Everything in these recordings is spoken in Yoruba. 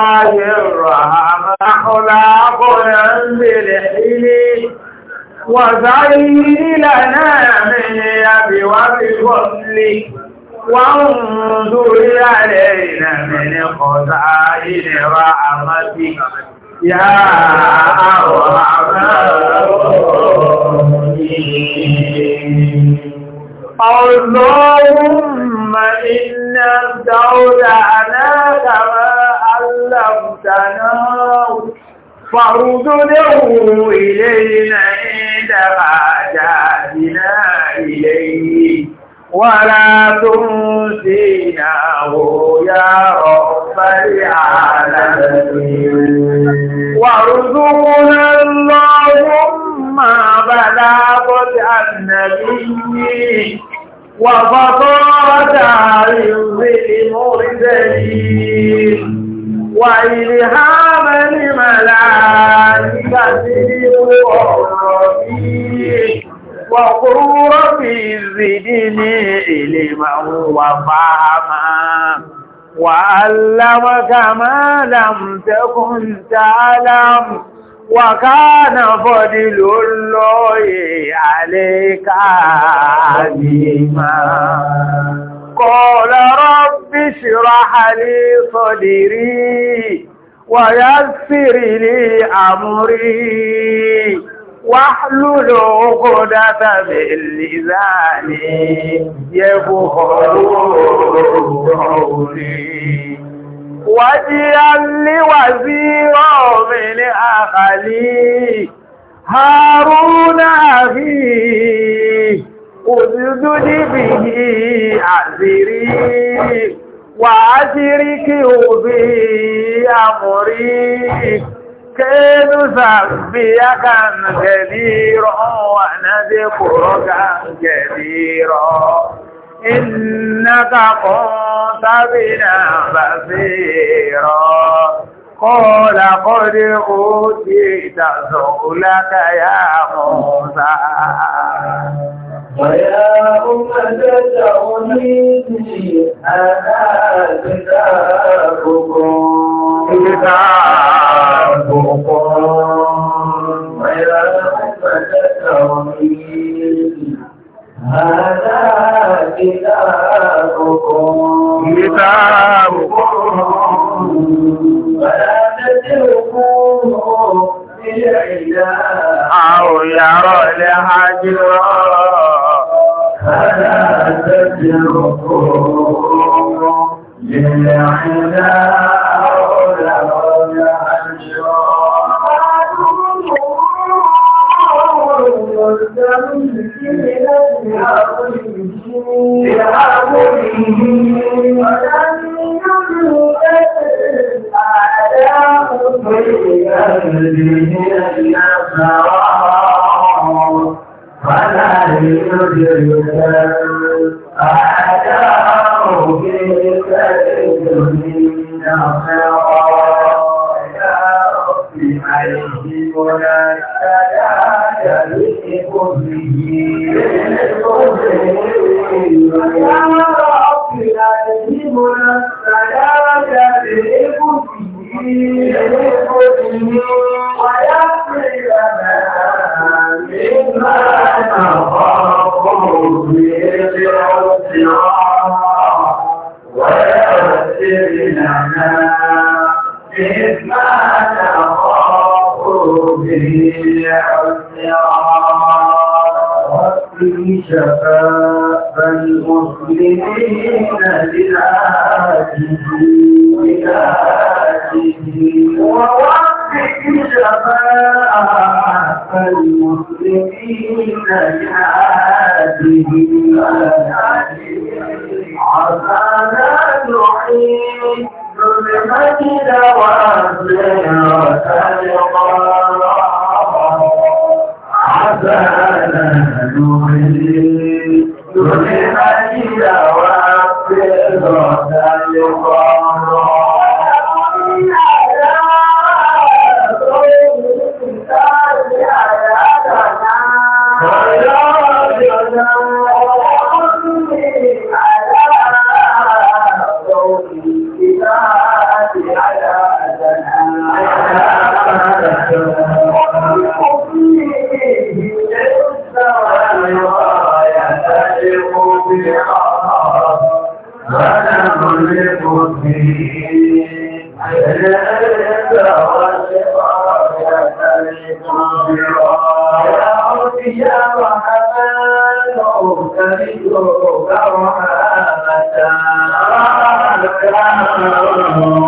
الله الرحمن أخلاق وزين لنا من يب وبفضل وانظر علينا من خزائن رحمتك يا أرحم الراحمين اللهم إنا استودعناك ما علمتنا فارضله إلينا عند حاجاتنا إليه ولا تنسيناه يا رب العالمين وارزقنا اللهم بلاغة النبي وفطارة عز المرسلين وإلهاما لملائكته وربي وقل ربي زدني علما وفهما وعلمك ما لم تكن تعلم وكان فضل الله عليك عظيما قال رب اشرح لي صدري ويسر لي أمري واحلل عقدة من لساني يفقهوا قولي واجعل لي وزيرا من اخلي هارون أخي òdúdú níbi àzìrí wà á ti rí kí òbí àmúrí kéèdù sàbí akàǹgẹ̀lì rọ̀ wà náà dé kòrò kàǹgẹ̀lì rọ̀ innaka kunta bina basira qala qad utita su'laka ya Musa ويا أمة تعونيني أنا كتابكم كتابكم ويا أمة تعونيني هذا كتابكم كتابكم ولا تتركوه بالعداء أو يرى لها جرام فلا تتركوا للعلاج Thank you. فلا يدرك أعداء في من خطايا بعيد ولا يدرك به يا رب أجبنا السلام يدرك به ويا إنا لله ربي أليس والقرية الكبرى يا ربي يا رحمن أرسلك رحمة رحمة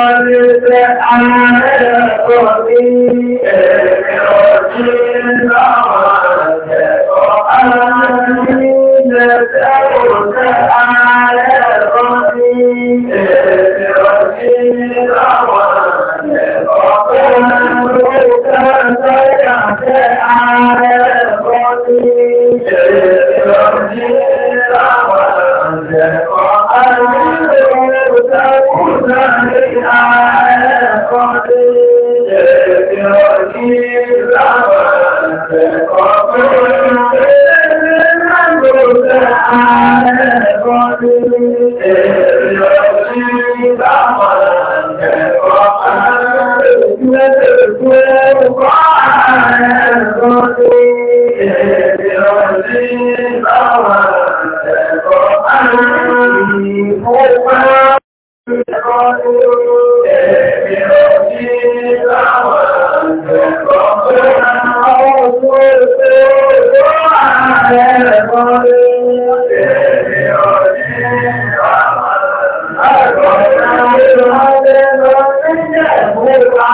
قد سألت مني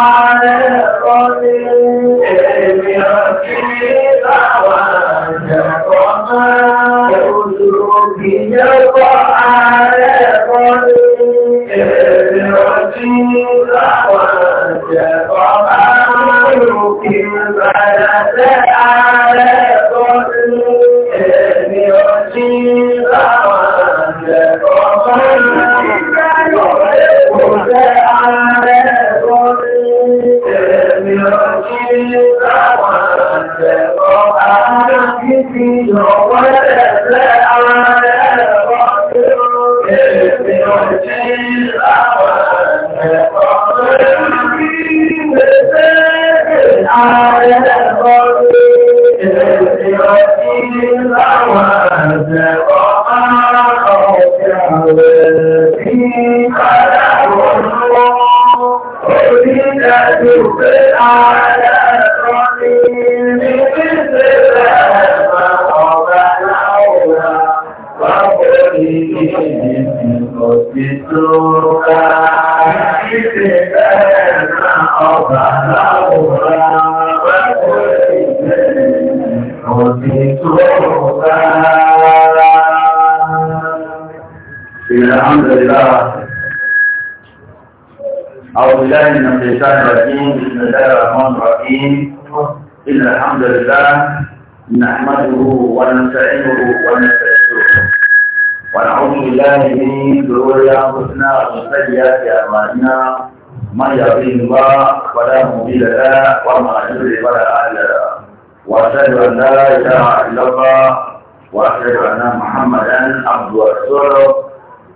God إنا من يهديه الله فلا مضل له وما يضلل فلا هادي له واشهد ان لا اله الا الله واشهد ان محمدا عبده ورسوله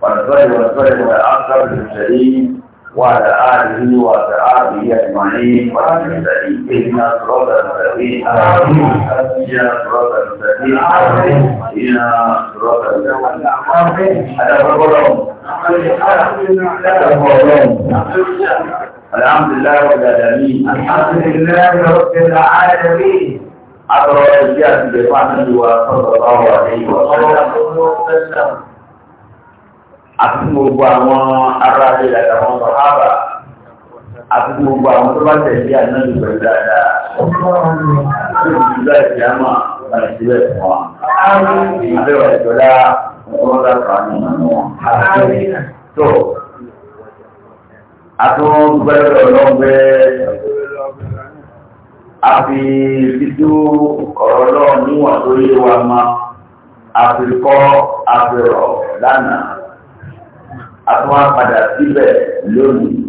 ونصلي ونسلم على اكثر المرسلين وعلى اله وأصحابه اجمعين وعلى اهدنا صراط المستقيم اهدنا صراط المستقيم اهدنا صراط المستقيم هذا هو الحمد لله رب العالمين الحمد لله رب العالمين عبر الجهة بفعله وصلى الله عليه وسلم àti gbogbo àwọn ará ilé àtàwọn sọ̀hábà àti gbogbo àwọn tó bá tẹ̀lé ànájú pẹ̀lú dáadáa tó ti gbà ìjàmà àti ìbẹ̀ fún wa. Abẹ́wà ìjọba wọ́n lápá nínú wọn. tó àtúngbẹ́rẹ́ ọlọ́gbẹ́ àfi dídú ọ̀rọ̀ náà níwọ̀n tó yé wa ma àfikọ́ àfihàn lánàá àtúnwá padà síbẹ̀ lónìí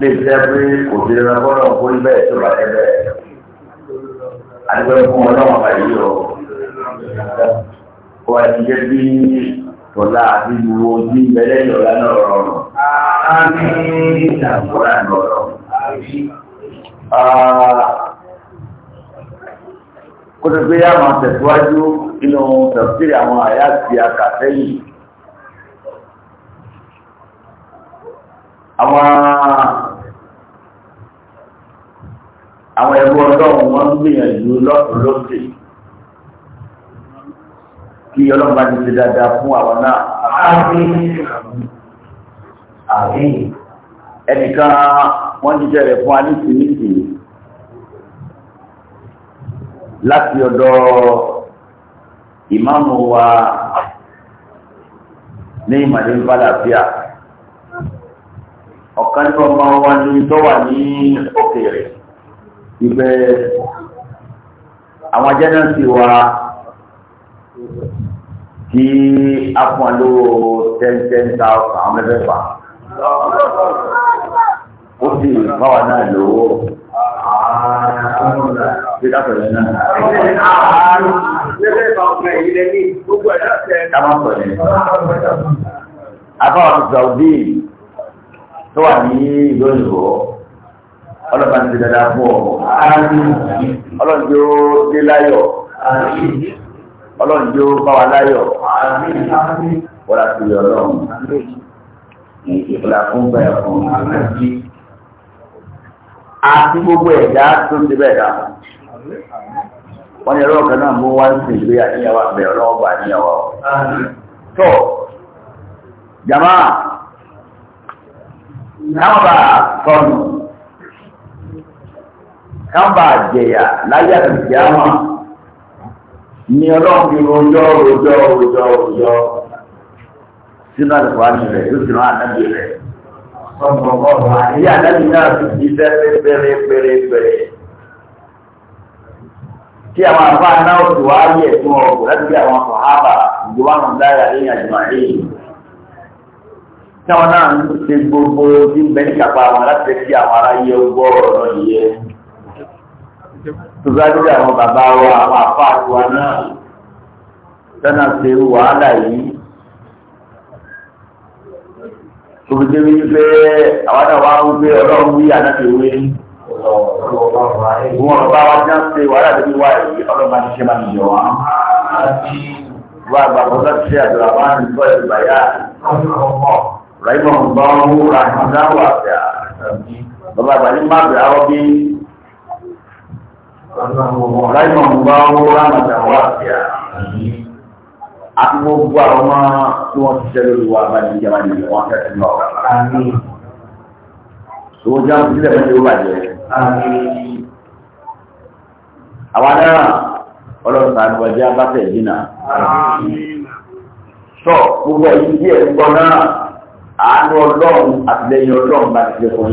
lè jẹ́ pé kò sí ìrànlọ́wọ́ kó ibẹ̀ tó bá ẹgbẹ́ àdúgbò fún ọlọ́wọ́n báyìí o kó wá ti jẹ́ bí tọ́lá àti ìwò ojú ìbẹ̀lẹ̀ ìjọba náà rọrùn. Àmì ìdàgbọ́ra lọ́rọ̀. Kótó pé yá máa tẹ̀síwájú nínú tẹ̀síwájú àwọn àyà àti àkàtẹ́yìn. Àwọn ẹgbẹ́ ọlọ́run wọ́n ń gbìyànjú lọ́tọ̀lọ́sẹ̀ tí ọlọ́run bá ti ṣe dáadáa fún àwọn náà. ẹnìkan wọ́n jíjẹ́ rẹ̀ fún alísìmísì láti ọ̀dọ̀ ìmáàmù wa ní ìmàdé ń bàlàfíà ọ̀kan ní ọmọ wa ní tó wà ní òkèèrè ibẹ̀ àwọn jẹ́nà sí wa tí a fún wa lówó ten ten thousand àwọn mẹ́fẹ̀ẹ̀fà ó sì bá wa náà lówó dídákọ̀rẹ́ náà. tó wà ní ìlú òyìnbó, ọlọ́pàá ti dáadáa fún ọ. Ọlọ́run tí dé láyọ̀ ọlọ́run jó bá wa láyọ̀ wọ́n ti rí ọlọ́run ìfìlà fún bẹ́ẹ̀ fún àmì àti gbogbo ẹ̀dá tó ti bẹ́ẹ̀ dà wọ́n ní ọlọ́ọ̀kan náà mú wá sí ìgbé àníyàwó àbẹ̀ ọlọ́ọ̀bà àníyàwó tó jama kámbà sọnù kámbà jẹyà láyé àti jẹ́ àmà. ni ọlọ́run fi rojọ́ rojọ́ ọjọọ rojọ́ sínú àlùkò àmì rẹ̀ yóò sì rán àdábì rẹ̀. Ìyá àdábì náà fi di fẹ́rẹ́ fẹ́rẹ́ fẹ́rẹ́ fẹ́rẹ́. Kí àwọn láti àwọn ìjọba ní àjùmọ̀ Táwọn náà ń ṣe gbogbo àwọn aráyé ọ̀rọ̀ tòbájú àwọn bàbá wa àwọn àfa àtiwa náà tọ́nà ṣe wàhálà yìí tòbíjé wípé àwọn náà wá wípé ọlọ́run wí ànáfi wé wọn bá wa já ṣe wàhálà tó fi wá yìí ọlọ́run bá ti ṣe máa ń jọ wọn. wọ́n àgbà kan láti ṣe àdúrà wọn á nìkọ́ ẹ̀rù bàyà ràìmọ̀ ń wúra ìdáwọ̀ àfẹ́ bàbá àgbà ní má bẹ̀rẹ̀ àwọn bíi. Ọ̀láìmọ̀ ń bá owó ránàdà wà sí à. Àti gbogbo àwọn ọmọ tí wọ́n ti ṣẹ́ lórí wa bá ní ìjọba ní wọ́n fẹ́ sí ọ̀rọ̀. Owó jẹ́ àwọn ìdílé mẹ́jọ ó bàjẹ́. Àwa náà ọlọ́sàn àti ọjọ́ abáfẹ́ ìdínà. Sọ gbogbo ẹ̀yìn díẹ̀ gbọ́ náà àánú ọlọ́run àtìlẹ́yìn ọlọ́run bá ti ṣe fún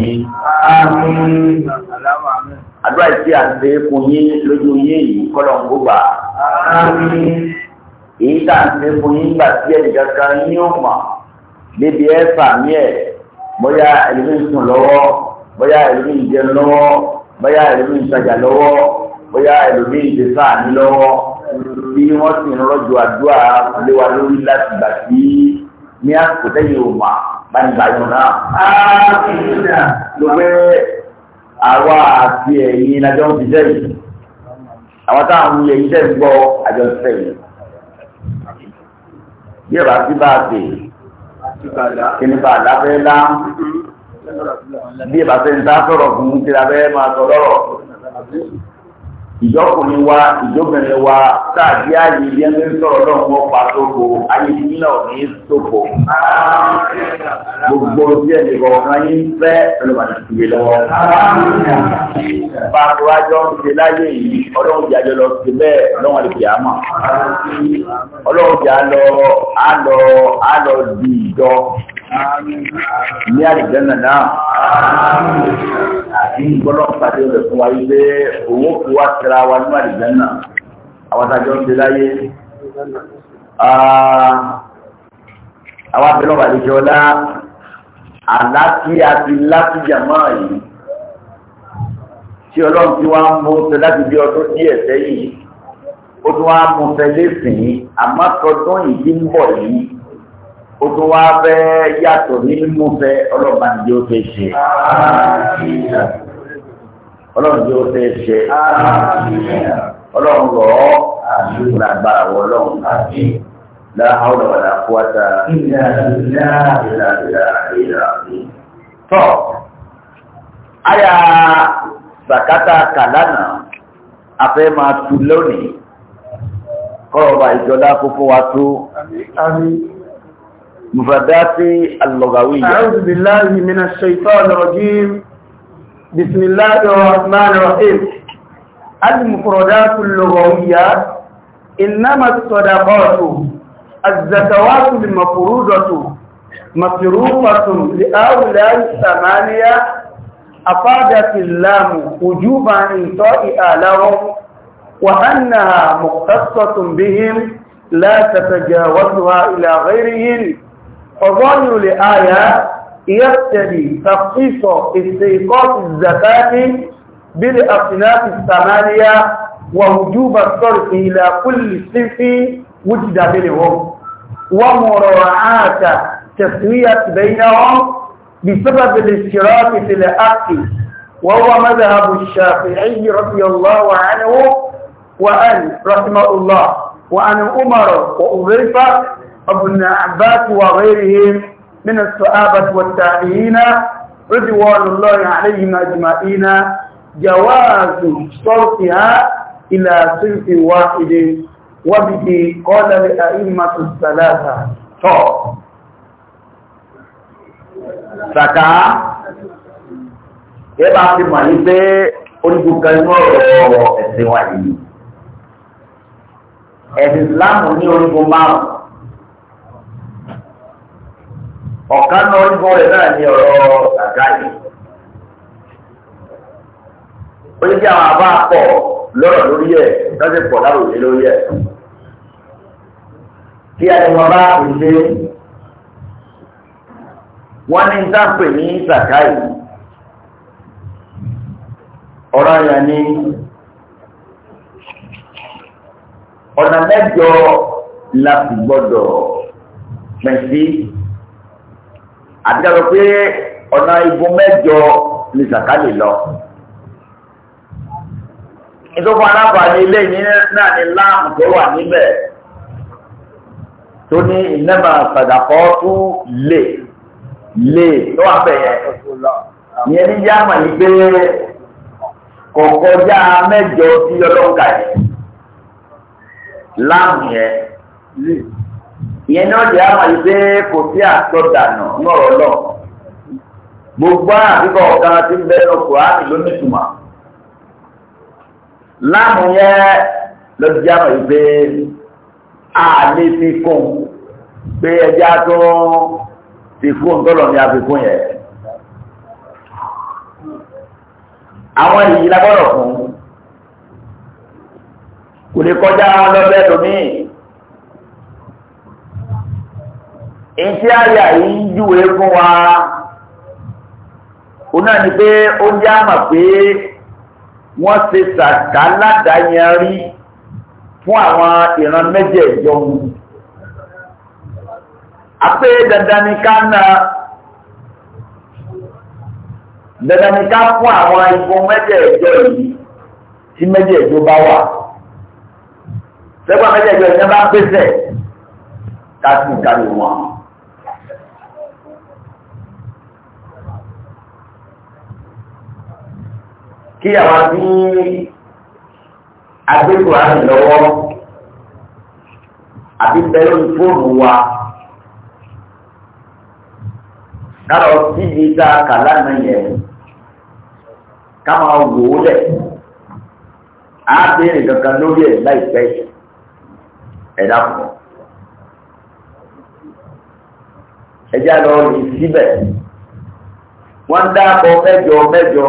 àdúrà ìsí àti fún yín lójú yín yìí kọ́lọ̀ ń gbógbà. èyí tá à ń ṣe fún yín gbà sí ẹnì kankan yín ó mọ̀ níbi ẹ fàmí ẹ̀ bóyá ẹ̀mí ń sùn lọ́wọ́ bóyá ẹ̀mí ń jẹun lọ́wọ́ bóyá ẹ̀mí ń tajà lọ́wọ́ bóyá ẹ̀mí ń ṣe sáàní lọ́wọ́ bí wọ́n sì ń rọ́jò àdúrà léwa lórí láti gbà sí ní àsìkò tẹ́yìn òmà bá nígbà yọ̀ náà àwa àti ẹ̀yin lájọ́ ń fiṣẹ́ yìí àwọn táwọn ilé iṣẹ́ ń gbọ́ àjọ ṣiṣẹ́ yìí bí ẹ̀rọ àti bá a ṣe kíni bá a lábẹ́ lá bí ẹ̀rọ àti ń dá sọ̀rọ̀ fún kíra bẹ́ẹ̀ máa sọ lọ́rọ̀ ìjọkùnrin wa ìjọbìnrin wa sáàdì ààyè ilé ẹgbẹ́ sọ̀rọ̀ náà wọ́n pa tóko ayé nílẹ̀ òní tóko. gbogbo tí ẹnì kọ̀ọ̀kan yín fẹ́ ẹlòmọ̀nà ìwé lọ́wọ́. pàtó àjọ ń ṣe láyé yìí ọlọ́run jà lọ sí bẹ́ẹ̀ lọ́wọ́n lè fi àmọ́. ọlọ́run jà lọ á lọ á lọ di ìjọ ní àdìjẹ́nà náà àti gbọ́dọ̀ pàdé rẹ̀ fún wa wípé owó kú wá tẹ́ra wa ní àdìjẹ́nà àwọn àjọ ń ṣe láyé àwọn abẹ́lọ́ àdìjẹ́ ọlá àlákí àti láti jàmọ́ yìí tí ọlọ́run tí wọ́n mú tẹ láti bí ọdún díẹ̀ sẹ́yìn ó tún wá mú fẹ́ lẹ́sìn àmọ́ tọdún ìdí ń bọ̀ yìí ó tún wá fẹ́ yàtọ̀ ní mímúfẹ́ ọlọ́ba ní ó fẹ́ ṣe ọlọ́run ní ó fẹ́ ṣe ọlọ́run rọ̀ ọ́ àdúrà agbára wọ ọlọ́run láhàá ọlọ́run àkúwàtà tọ́ àyà bàkátà kàlánà afẹ́ máa tu lónìí kọ́ ọba ìjọba kókó wa tó. مفردات اللغوية أعوذ بالله من الشيطان الرجيم بسم الله الرحمن الرحيم المفردات اللغوية إنما الصدقات الزكوات المفروضة مصروفة لأولى الثمانية أفادت اللام وجوب إنطائها لهم وأنها مختصة بهم لا تتجاوزها إلى غيرهم فظنوا الآية يبتدي تخصيص استيقاظ الزكاة بالأصناف الثمانية ووجوب الصرف إلى كل صنف وجد بينهم ومراعاة تسوية بينهم بسبب الاشتراك في الأكل وهو مذهب الشافعي رضي الله عنه وأن رحمه الله وأن أمر وأضيفه وابن عباس وغيرهم من الصحابة والتابعين رضوان الله عليهم أجمعين جواز صرفها إلى صنف واحد وبه قال لأئمة الثلاثة طب زكاة يبقى في مالي orígun kan inú ọ̀rọ̀ ẹ̀sìn wa ní orígun márùn ọ̀kan náà ń bọ̀ rẹ̀ náà ní ọ̀rọ̀ sàkáyì ó ní kí àwọn àbá pọ̀ lọ́rọ̀ lórí ẹ̀ lọ́sẹ̀ pọ̀ láròyé lórí ẹ̀ kí ẹni wọn bá ìṣe wọn ní sáǹpè ní sàkáyì ọ̀rọ̀ yẹn ní ọ̀nà mẹ́jọ la fi gbọ́dọ̀ pẹ̀sí àti ká sọ pé ọ̀nà igun mẹ́jọ ni zaka lè lọ. ìtòkùn aláǹfààní ilé yìí náà ni láàmù tó wà níbẹ̀ tó ní ìnáma sàdàkọ́ tó lè lè tó wà bẹ̀yẹ. ìyẹn ní yáàmà yìí pé kò kọjá mẹ́jọ sí ọlọ́ǹkà yẹn láàmù yẹn ìyẹn náà jẹ́ àmà yìí pé kò sí àtọ́dànà ńlọrọ̀ lọ gbogbo àbíkọ ọ̀kan tí ń bẹ́ẹ̀ lọ́kọ̀ áàmì ló ní ìtumọ̀ láàmù yẹn ló jẹ́ àmà yìí pé a lè fi kún pé ẹjẹ́ á tó ti fún ńtọ́lọ̀ ní àfikún yẹn àwọn èyí lágbọ́dọ̀ fún kò lè kọjá lọ́bẹ̀ẹ́ lómìn. èyí àyà yìí júwe fún wa ó náà ni pé ó jẹ́ àmà pé wọ́n ṣe sàkà ládàáyanrí fún àwọn ìran mẹ́jẹ̀ẹ̀jọ wọn àpé dandan ni ká náà dandan ni ká fún àwọn igun mẹ́jẹ̀ẹ̀jọ yìí tí mẹ́jẹ̀ẹ̀jọ bá wà sẹ́gbà mẹ́jẹ̀ẹ̀jọ yìí bá pèsè ká wọn. kí àwọn tí agbẹ́kọ̀ọ́ àti lọ́wọ́ àti bẹ́ẹ̀ lórí fóònù wa kálọ̀ síbi tá a kà lánàá yẹn ká máa wò ó lẹ̀ á béèrè kankan lórí ẹ̀ láìpẹ́ ẹ̀dá fún ọ. ẹ̀já lọ rí síbẹ̀ wọ́n dá akọ mẹ́jọ mẹ́jọ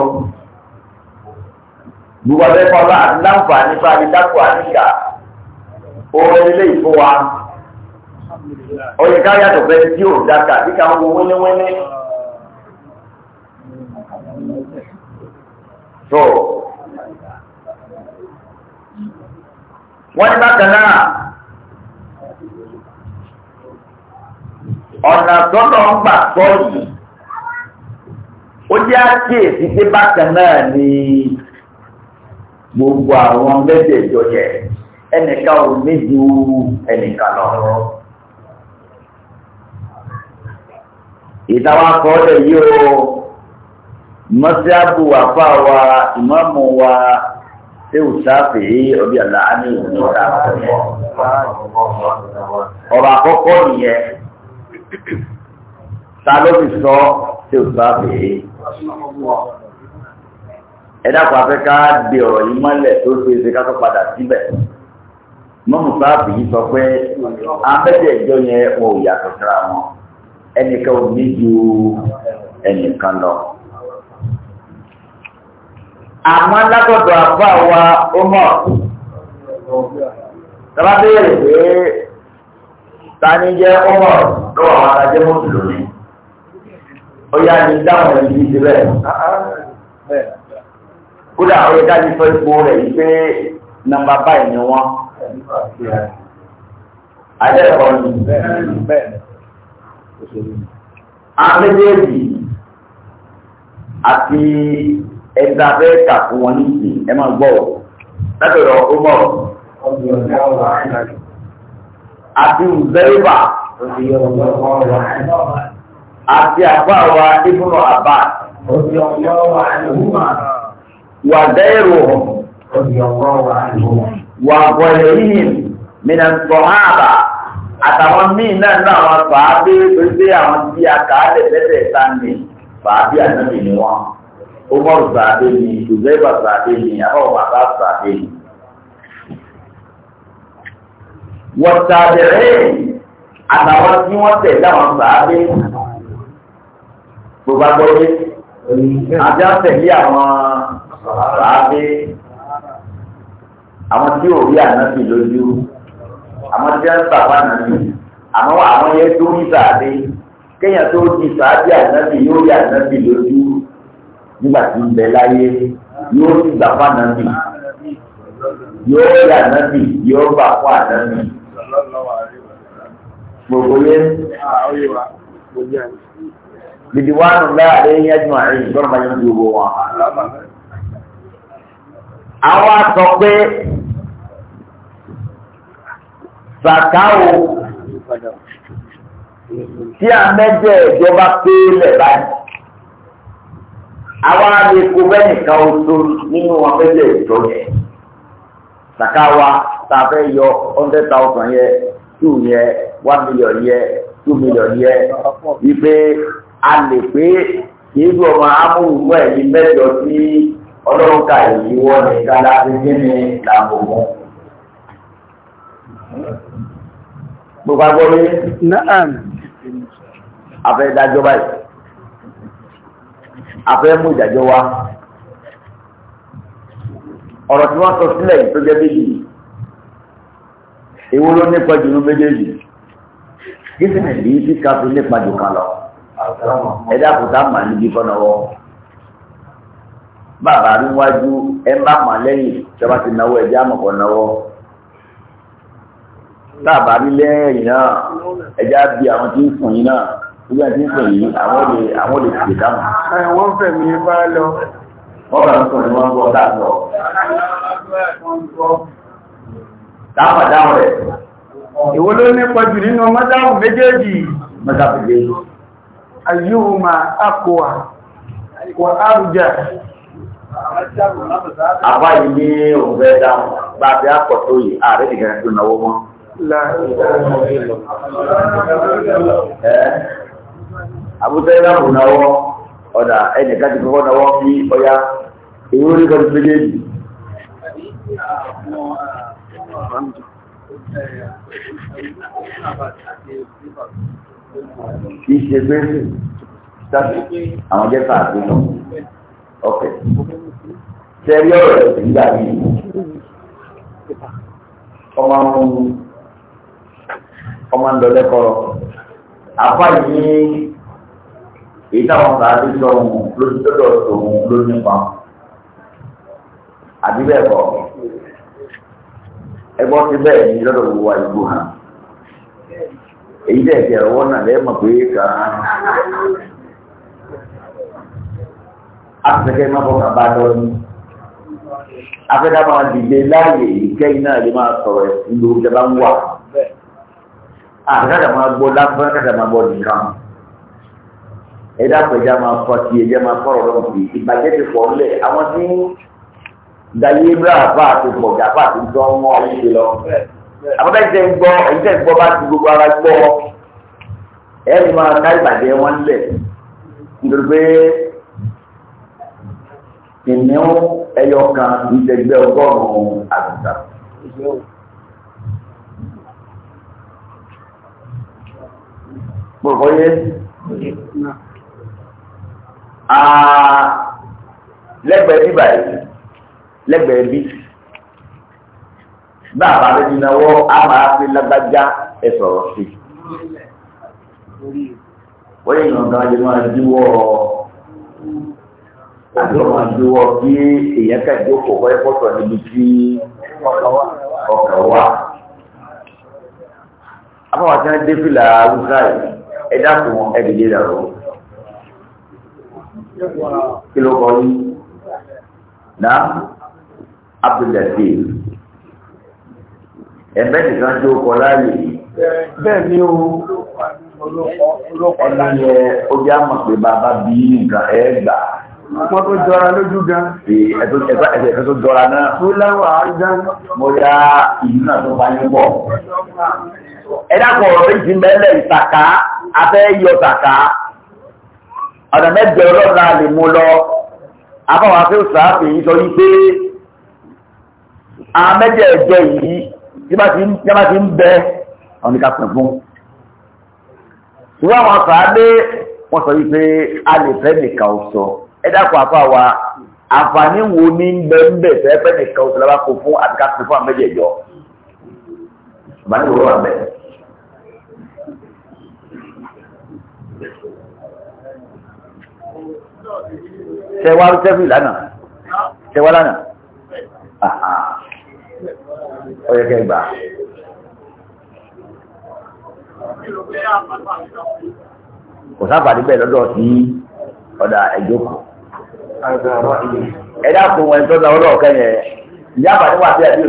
gbogbo abẹ́ fọlá láǹfààní bá mi dákọ̀ àníkà orin ilé ìfún wa oyè ká yàtọ̀ bẹ́ẹ̀ tí ò dáka bí ká ń wo wíníwíní. tó wọ́n ní bákan náà ọ̀nà tọ́lọ̀ ń gbà tọ́ yìí ó jẹ́ àkíyèsí pé bákan náà ni gbogbo àwọn mẹ́tẹ̀ẹ̀jọ yẹ ẹnìkan ò ní ju ẹnìkan lọ. ìtawà kọ́ọ̀lẹ̀ yìí o mọ́síábù àfa wa ìmáàmù wa ṣé ò sáfè é ọbí àlá ní ìwé ọ̀dà ọ̀rọ̀ àkọ́kọ́ nìyẹn ta ló fi sọ ṣé ò sáfè é. ẹ̀dá kan afẹ́ de ọ̀rọ̀ yìí mọ́lẹ̀ tó ṣe é ṣe ká tó padà síbẹ̀ mọ́mù sáàbì yìí sọ pé abẹ́jẹ̀ ìjọ yẹn wọn ò yàtọ̀ síra wọn ẹnìkan ò ní wa ó mọ̀ ta ni jẹ́ ó mọ̀ mọ́tò lónìí ó yá ni dáhùn ẹni ti kódà àwọn ẹ̀dá ti sọ ipò rẹ̀ yìí pé nọ́mbà báyìí ni wọ́n. Adẹ́kọ̀ọ́ ni. Àwọn méjèèjì àti ẹ̀dá bẹ́ẹ̀ kà fún wọn níbi ẹ máa gbọ́ ọ̀. Látọ̀dọ̀ ó mọ̀. Àti Ùzẹ́rìbà. Àti àbáwa Ibùnà Àbá. Òbí ọ̀yọ́ wà ní Húmà. وغيرهم رضي الله عنهم وغيرهم من الصحابة àtàwọn míì náà náà wọn fàábí pèsè àwọn tí a kà á lè lẹ́sẹ̀ sáni fàábí ànábì ni wọn Umaru fàábí ni Jùzẹ́bà fàábí ni àwọn bàbá fàábí ni. wọ́n tàbẹ̀rẹ̀ àtàwọn tí wọ́n tẹ̀lé àwọn fàábí gbogbo agbóyé àti àtẹ̀lé àwọn sàábé àwọn tí ò rí ànábì lójú àwọn tí wọ́n gbà wọ́n ànábì àmọ́ àwọn yẹn tó rí sàábé kéèyàn tó di sàábé ànábì yóò rí ànábì lójú nígbà tí ń bẹ láyé yóò sì gbà fún ànábì yóò rí ànábì yóò gbà fún ànábì gbogbo yẹn bìdìwánu láàrin yẹn jùmọ̀ àyè ìgbọ́n ń dúró wọn àwọn àtọ̀ pé sàkáwò tí a mẹ́jẹ̀ ìjọba pé lẹ̀ báyìí àwọn àlekò bẹ́nìkan oṣù nínú wọn mẹ́jẹ̀ ìjọ yẹn sàkáwà tá a fẹ́ yọ hundred thousand yẹ two yẹ one million yẹ two million yẹ wípé a lè pé kí irú ọmọ amóhùnmọ́ ẹ̀yìn mẹ́jọ sí ọlọ́run ká ìyíwọ́ ní kálá ti kí ni làbò mú. gbogbo agbórí. naam. afẹ́ dájọ́ báyìí. afẹ́ mú ìdájọ́ wá. ọ̀rọ̀ tí wọ́n sọ sílẹ̀ yìí tó jẹ́ méjì yìí. èwo ló nípa jùlọ méjèèjì. kí sì ní ìdí tí ká fi nípa jù kan lọ. ẹ̀dá kò tá màá níbi kọ́nà wọ́n bàbá rí wájú ẹ bá mọ̀ lẹ́yìn ìjọba ti náwó ẹjẹ́ àmọ̀kọ̀ náwó bàbá rí lẹ́yìn náà ẹjẹ́ àbí àwọn tí ń fún yín náà nígbà tí ń fún yín àwọn lè àwọn lè tètè dáhùn. wọ́n fẹ̀ bá lọ. wọ́n bá ń sọ ni wọ́n ń bọ́ dáàbọ̀. dáhùn dáhùn rẹ̀. ìwọ ló ní pọ̀jù nínú mọ́tàbù méjèèjì. mọ́tàbù méjèèjì. àyùmá àkùwà wà àbá yìí ní òun dáhùn bá a fi àpọ̀tó yìí ààrẹ nìkan tó náwó mọ́. àbúté náà náwó ọ̀dà ẹnìkan ti kọ́kọ́ náwó sí ọya èyí ó rí kọ́ ti méjèèjì. kì í ṣe gbèsè àwọn jẹ́ fàájú náà ọ̀fẹ́ sẹ́rí ọ̀rọ̀ ẹ̀sìn nígbà yìí ọmọ ọmọ ńlọlẹ́kọ̀ọ́ àfa yìí èyí táwọn kan ti sọ ohun lójútọ́dọ̀ ohun ló nípa àbí bẹ́ẹ̀ kọ́ ẹgbọ́n ti bẹ́ẹ̀ ní lọ́dọ̀ gbogbo àdúgbò hàn èyí dẹ̀ ti ẹ̀rọ náà lẹ́ẹ̀mọ̀ pé kàn án afẹ́kẹ́ má bọ́ bàbá lọ ní. afẹ́kẹ́ máa dìde láàyè ìkẹyìn náà lè máa sọ̀rọ̀ ẹ̀sìn ló ń jẹba ń wà. àkàkà máa gbọ́ lásán àkàkà máa gbọ́ nìkan. ẹ dápẹ́jà máa fọ́ ti ẹ̀jẹ̀ máa fọ́rọ̀ lọ́wọ́ sí ìbàjẹ́ ti pọ̀ ńlẹ̀ àwọn tí dayé bra àbá àti pọ̀jà àbá àti tọ́ wọn ayé ṣe lọ. àbábẹ́ ìṣe ń gbọ́ kìnìún ẹyọ kan ìdẹgbẹ́ ọgọ́rùn-ún àgùntàn. Gbogbo yé. Lẹ́gbẹ̀ẹ́ bíbà yìí, lẹ́gbẹ̀ẹ́ bí. Bàbá mi náwó a máa fi lágbájá ẹ sọ̀rọ̀ sí. Wọ́n yìí nà ọ̀gá ọjọ́ máa díwọ́ ọ àti ọmọ àdúgbò bí èèyàn kẹjọ kò wáyé pọ̀tọ̀ níbi tí ọkọ̀ wà. afọwọ́ tí wọ́n dé fìlà rúṣà yìí ẹ̀dá kò ẹ̀dìdé dàrú. kí ló kọ́ yìí? na abdulgasi ẹ̀bẹ́ nìkan tó kọ láàyè bẹ́ẹ̀ ni o olóòpọ̀ láyé ó bí a mọ̀ pé bàbá bí nǹkan ẹ̀ gbà á wọ́n tó jọra lójú gan. ẹ̀sẹ̀ tó jọra náà. tó lẹ́wọ̀ àádán. mo ya ìlú náà tó wáyé pọ̀. ẹ dákun ọ̀rọ̀ yìí ti mẹ́lẹ̀ ìtàkà afẹ́ yọ tàkà. ọ̀nà mẹ́jọ ọlọ́run náà lè mú lọ. afọwọ́ afẹ́ òṣàfẹ́ yìí sọ wípé àwọn mẹ́jẹ̀ẹ̀jọ yìí tí bá ti ń bẹ ọ̀nìkà pẹ̀ fún. ṣùgbọ́n àwọn àfàá wọ́n sọ wípé a lè fẹ́ nìkan ọ̀sọ̀ ẹ dákun àfa wa àǹfààní wo ní bẹ́ẹ̀nbẹ́ fẹ́ẹ́fẹ́ nìkan oṣù lábá kó fún àti ká kó fún àmẹ́jẹ̀jọ àǹfààní wo wà bẹ́ẹ̀. sẹ́wá sẹ́fù ìlànà sẹ́wá lánà ọ̀yẹ̀kẹ́ gbà. kò sábà níbẹ̀ lọ́dọ̀ sí ọ̀dà ẹ̀jọ́ kan ẹ̀dá kò wọ́n tó náà lọ́wọ́ kẹ́yẹ ìyá àbá níwà tí a bí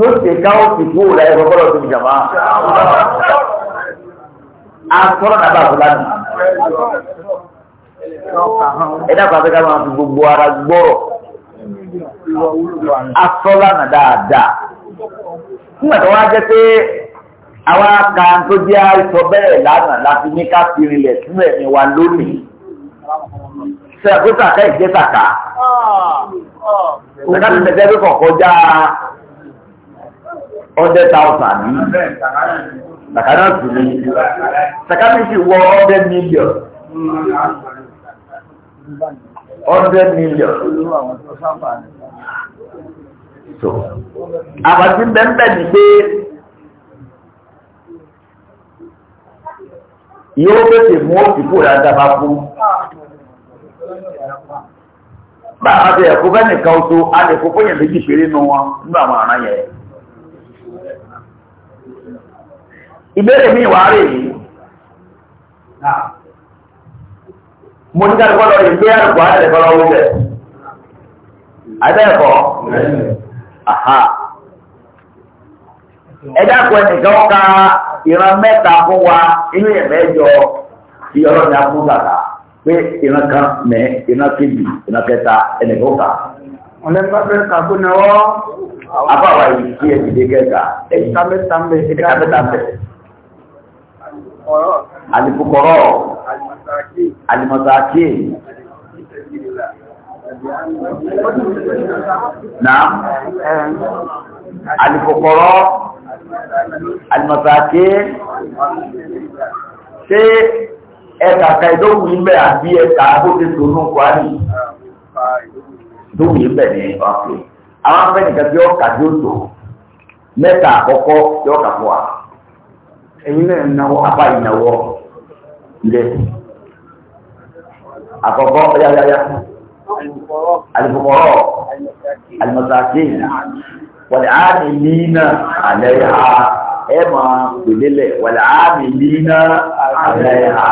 òsì yóò ṣe káwọ́ sí kú rẹ̀ ìfọ́gbọ́dọ̀ tó jàmá a sọ̀rọ̀ nàbà fúlàní ẹ̀dá kan fẹ́ká máa fi gbogbo ara gbọ́rọ̀ a nà dáadáa nígbà tó wá jẹ́ pé àwa kan tó jẹ́ àìsọ bẹ́ẹ̀ lánàá láti ní ká fi rinlẹ̀ sínú ẹ̀mí wa lónìí sàkóṣàkà ìjẹ́sàkà ah, ah. sàkà ti tẹ̀sẹ̀ pé kọ̀ọ̀kan já hundred thousand ní sàkà náà ní sàkà ti wọ hundred million hundred million so àbàtí bẹ́ẹ̀ bẹ́ẹ̀ ni pé. yóò tètè mú òsìkò dáadáa bá kú. bàbá bẹ ẹ̀kọ́ bẹ́ẹ̀ nìkan oṣù a lè kó fóyàn méjì péré nu wọn nínú àwọn àrán yẹn. ìbéèrè mi wàá rè é mo ní káàkiri lọ́wọ́ bẹ̀. aha ẹ̀dá ká. ìran mẹ́ta fún wa inú yẹn mẹ́jọ ìyọ̀rọ̀ ni a fún bàtà pé ìran kan mẹ́ ìran kejì ìran kẹta ẹnìkan kà. ọ̀lẹ́gbẹ́ fẹ́ kàkún ni wọ́n. afáwa yìí kí ẹ dìde kẹta. ẹ̀ka mẹ́ta ń bẹ̀ ẹ̀ka mẹ́ta ń àlùmọ̀sàké ṣé ẹ̀ka ka ìdóhùn ibẹ̀ àbí ẹ̀ka tó ti tònú kwari ìdóhùn ibẹ̀ ní ọ̀pẹ̀ àwọn afẹ́nìkan tí ó kà tí ó tò mẹ́ta àkọ́kọ́ tí ó kà fún wa èmi náà náwó apá ìnáwó ilé àkọ́kọ́ yáyáyá alifọ̀kọ́rọ̀ alimọ̀sàké wàlẹ̀ áàmì lína àlẹ́ ha ẹ máa gbèlélẹ̀ wàlẹ̀ áàmì lína àlẹ́ ha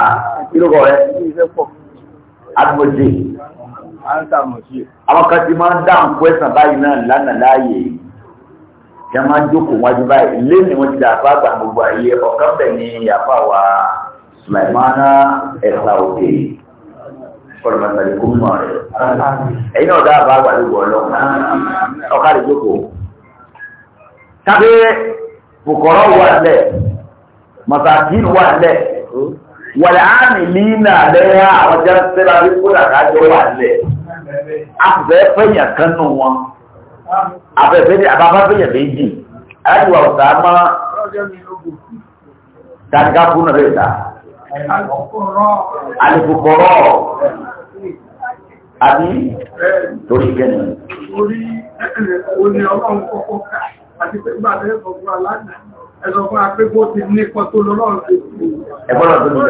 kí ló kọ̀ rẹ̀ agbòdì àwọn kan ti máa ń dáhùn kwẹ́sàn báyìí náà lánàá láàyè kí a máa jókòó wájú báyìí lẹ́nu wọn ti dà fún àgbà gbogbo ayé ọ̀kan bẹ̀ ni àfa wa Sulaimana ẹ̀sà òkè kọlọmọtàlẹ́kùn mọ́ rẹ̀ ẹ̀yin náà dá àbá àgbà lóko ọlọ́run ọ̀kadì jókòó kábé bùkọ̀rọ̀ wà lẹ̀ masakin wà lẹ̀ wàlẹ̀ àmì lína lẹ́yà àwọn jẹ́ sẹ́lá rí kó làkájọ́ wà lẹ̀ afẹ́fẹ́ fẹ́yàn kan nù wọn afẹ́fẹ́ ní àbábá fẹ́yàn méjì alájùwà ọ̀sà mọ́ dáadáa fún náà lẹ́ta alìbùkọ̀rọ̀ àbí torí àti pẹ̀lú àtẹ́sọ̀ fún aláàdá ẹ̀sọ̀ fún apẹ́gbọ́ ti nípa tó lọ lọ́rùn sí ẹgbọ́nà tó lọ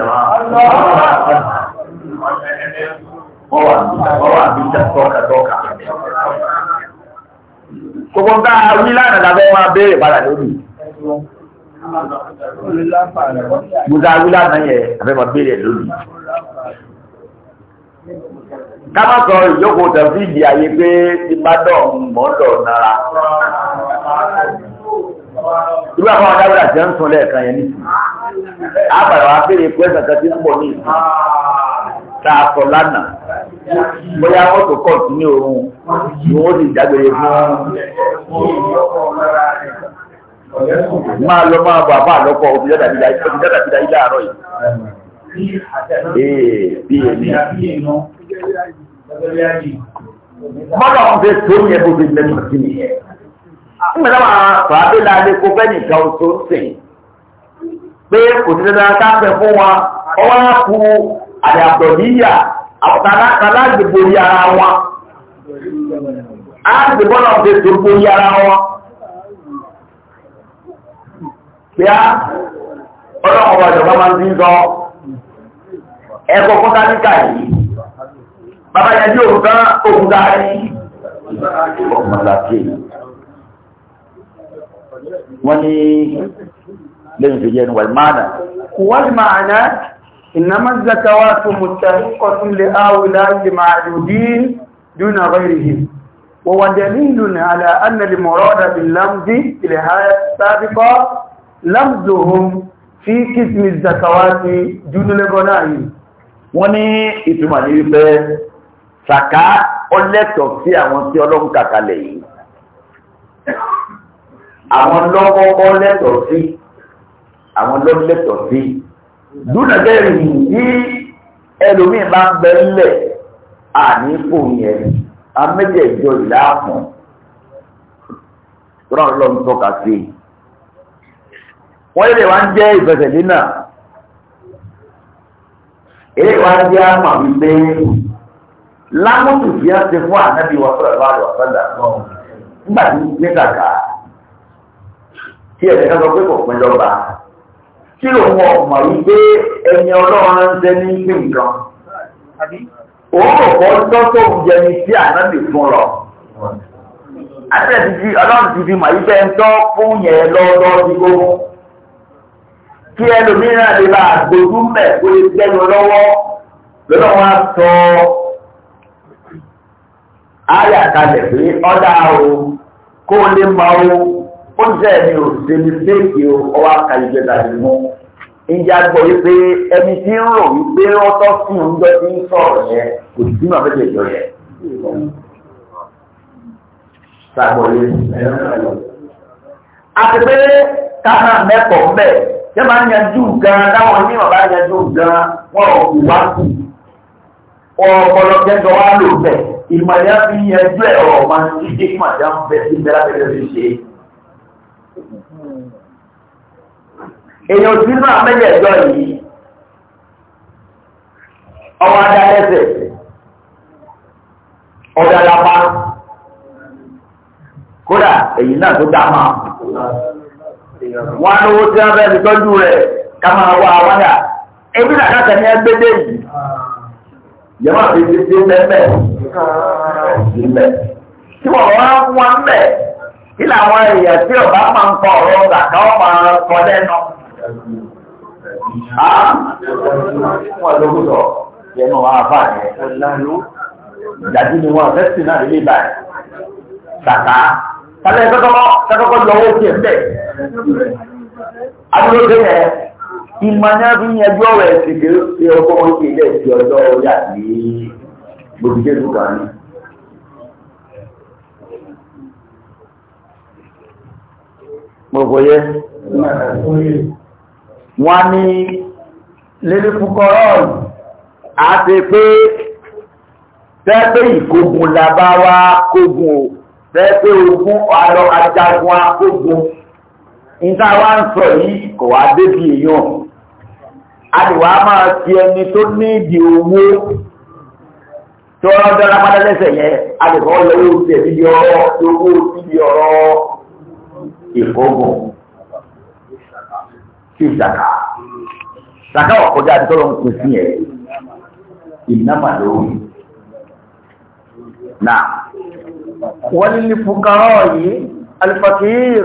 ọwà bí jẹ́ tọ́ka tọ́ka gbogbo ká wí lánàá lábẹ́ máa béèrè padà lórí gbogbo wí lánàá yẹ abẹ́ máa béèrè lórí ká má sọ ìjókòó tẹ̀síìdì ayé pé ti bá dọ̀ mọ́ dọ̀ nára irú àwọn adáwọ̀dà tí wọ́n ń sọ lẹ́ẹ̀kan yẹn nìyí àbàrà wa fèrè pé kankan ti ń bọ̀ ní ìsìn tá a sọ lánàá bóyá wọ́n tó kọ̀ sí ní òun ni wọ́n sì dágbére fún máa lọ máa bọ̀ àbá àlọ́kọ̀ òbí dàdà bí dáadáa láàárọ̀ yìí bí èmi. Mọ́lá ọ̀hún fẹ́ tó yẹ kó fi mẹ́tò sí nìyẹn nígbà táwọn fàábí lálẹ́ kó fẹ́ nìkan oṣù ń sìn pé kò sí dandan káfẹ́ fún wọn ọwọ́ á ku àdàbọ̀ yíyà àtàlágbègbè orí ara wọn àgbègbè náà fi tòkó orí ara wọn kí á ọlọ́run ọba ìjọba máa ń dín sọ ẹ̀kọ́ fún táníkà yìí bàbá yẹn tí òun tán òun dáa ní yìí wọ́n ní lẹ́yìn tó jẹ́ wal ma'na wal ma'na innama az-zakawatu mustahiqqatun li ha'ula'i al-ma'dudin duna ghayrihim وودليل على أن المراد باللمز في الآية السابقة لمزهم في قسم الزكوات دون الغنائم wọ́n ní ìtumọ̀ ní wípé ṣàká ọlẹ́tọ̀ sí àwọn yìí àwọn lọ́kọ́kọ́ lẹ́tọ̀ọ́ sí àwọn lọ́lẹ́tọ̀ọ́ sí dúnàgẹ́rì yìí ẹlòmíì bá ń bẹ ńlẹ̀ àníkò yẹn amẹ́jẹ̀jọ ìlàpọ̀ tọ́lá ọlọ́run tọ́ka sí i wọ́n yẹ lè wá ń jẹ́ ìfẹsẹ̀lẹ́nà èyí wá ń jẹ́ àmà wípé lámọ́tò fi á ti fún ànábì wàhálà wàhálà nígbà tí ó gbé kàkà tí ẹ̀rẹ́ ká sọ pé kò pín lọ́ba kí lòun ọmọ yìí pé ẹni ọlọ́run ń tẹ́ ní ilé nǹkan òun kò kọ́ tọ́tọ́ oúnjẹ ni tí ànábì fún lọ àtẹ̀sí ọlọ́run ti fi mọ̀ yìí pé ń tọ́ fún yẹn lọ́dọ́ ti gbóhùn kí ẹlòmíràn lè bá àgbòdú mẹ́ kó lè gbẹ́nu lọ́wọ́ lọ́dọ̀ wọn á sọ ayà kalẹ̀ pé ọ̀dà o kó lè mọ o ó jẹ́ ẹni ò ṣe ní fèèkì ọwọ́ aka ìjẹta ìmú ìjà gbọ́ wípé ẹni tí ń rò wípé ọtọ́ sí oúnjẹ tí ń sọ̀rọ̀ yẹn kò sí màá fẹ́ jọ yẹn. sàgbọ̀lé àti pé káfà mẹ́kọ̀ọ́ mẹ́ yẹn máa ń yanjú gan táwọn onímọ̀ bá yanjú gan wọn ò kù wá kù ọpọlọ kẹjọ wa lò bẹ ìmọ̀ fi yanjú ẹ̀rọ ọ̀ma ní ìdí ìmọ̀ yẹn bẹ sí bẹ́ẹ̀ lábẹ́rẹ́ fi ṣe é. èèyàn tí náà mẹ́jẹ̀ẹ́jọ yìí ọwọ́ adálẹ́sẹ̀ ọ̀dà lápá kódà èyí náà tó dá máa wọn lówó tí wọn fẹ́ẹ́ fi tọ́jú rẹ̀ ká máa wá wáyà ebi yìí máa fi ti ti mẹ tí wá wọn kí làwọn èèyàn tí ọba máa ń kọ ọ̀rọ̀ gàkà ọmọ ọkọ lẹ́nu. wọ́n ló gbúdọ̀ yẹnu àbá yẹn ìdájú ni wọn fẹ́ sìn náà nílé ìbàdàn gàkà kálẹ̀ kọ́kọ́ lọ́wọ́ sí ẹ̀ bẹ́ẹ̀. adúlóde yẹn ìmọ̀nyábí ẹjọ́ rẹ̀ ti dé ọkọ̀ orí ilé ìfi ọjọ́ orí àti gbòdìjẹ́ lùkàn ni. gbogboyé wọ́n ní lílífúkọ́rọ̀ àti pé tẹ́pẹ́ ìkógun làbá wá kógun o tẹ́pẹ́ ogun àrọ ajagun akógun níta wá ń sọ yìí kò wá débi èèyàn àdìwá máa ti ẹni tó ní ìdí owó tó rọ́jọ́ lápá lẹ́sẹ̀ yẹn àdìwá lọ́wọ́ ti ẹ̀bí ọ̀rọ̀ tó owó ti di ọ̀rọ̀ ìkógun sí ìjàkà ìjàkà ọ̀kọ́jà àti tọ́lọ́ ń pè sí ẹ̀ ìnáma lórí náà wọ́n ní fúkarọ́ yìí alfakir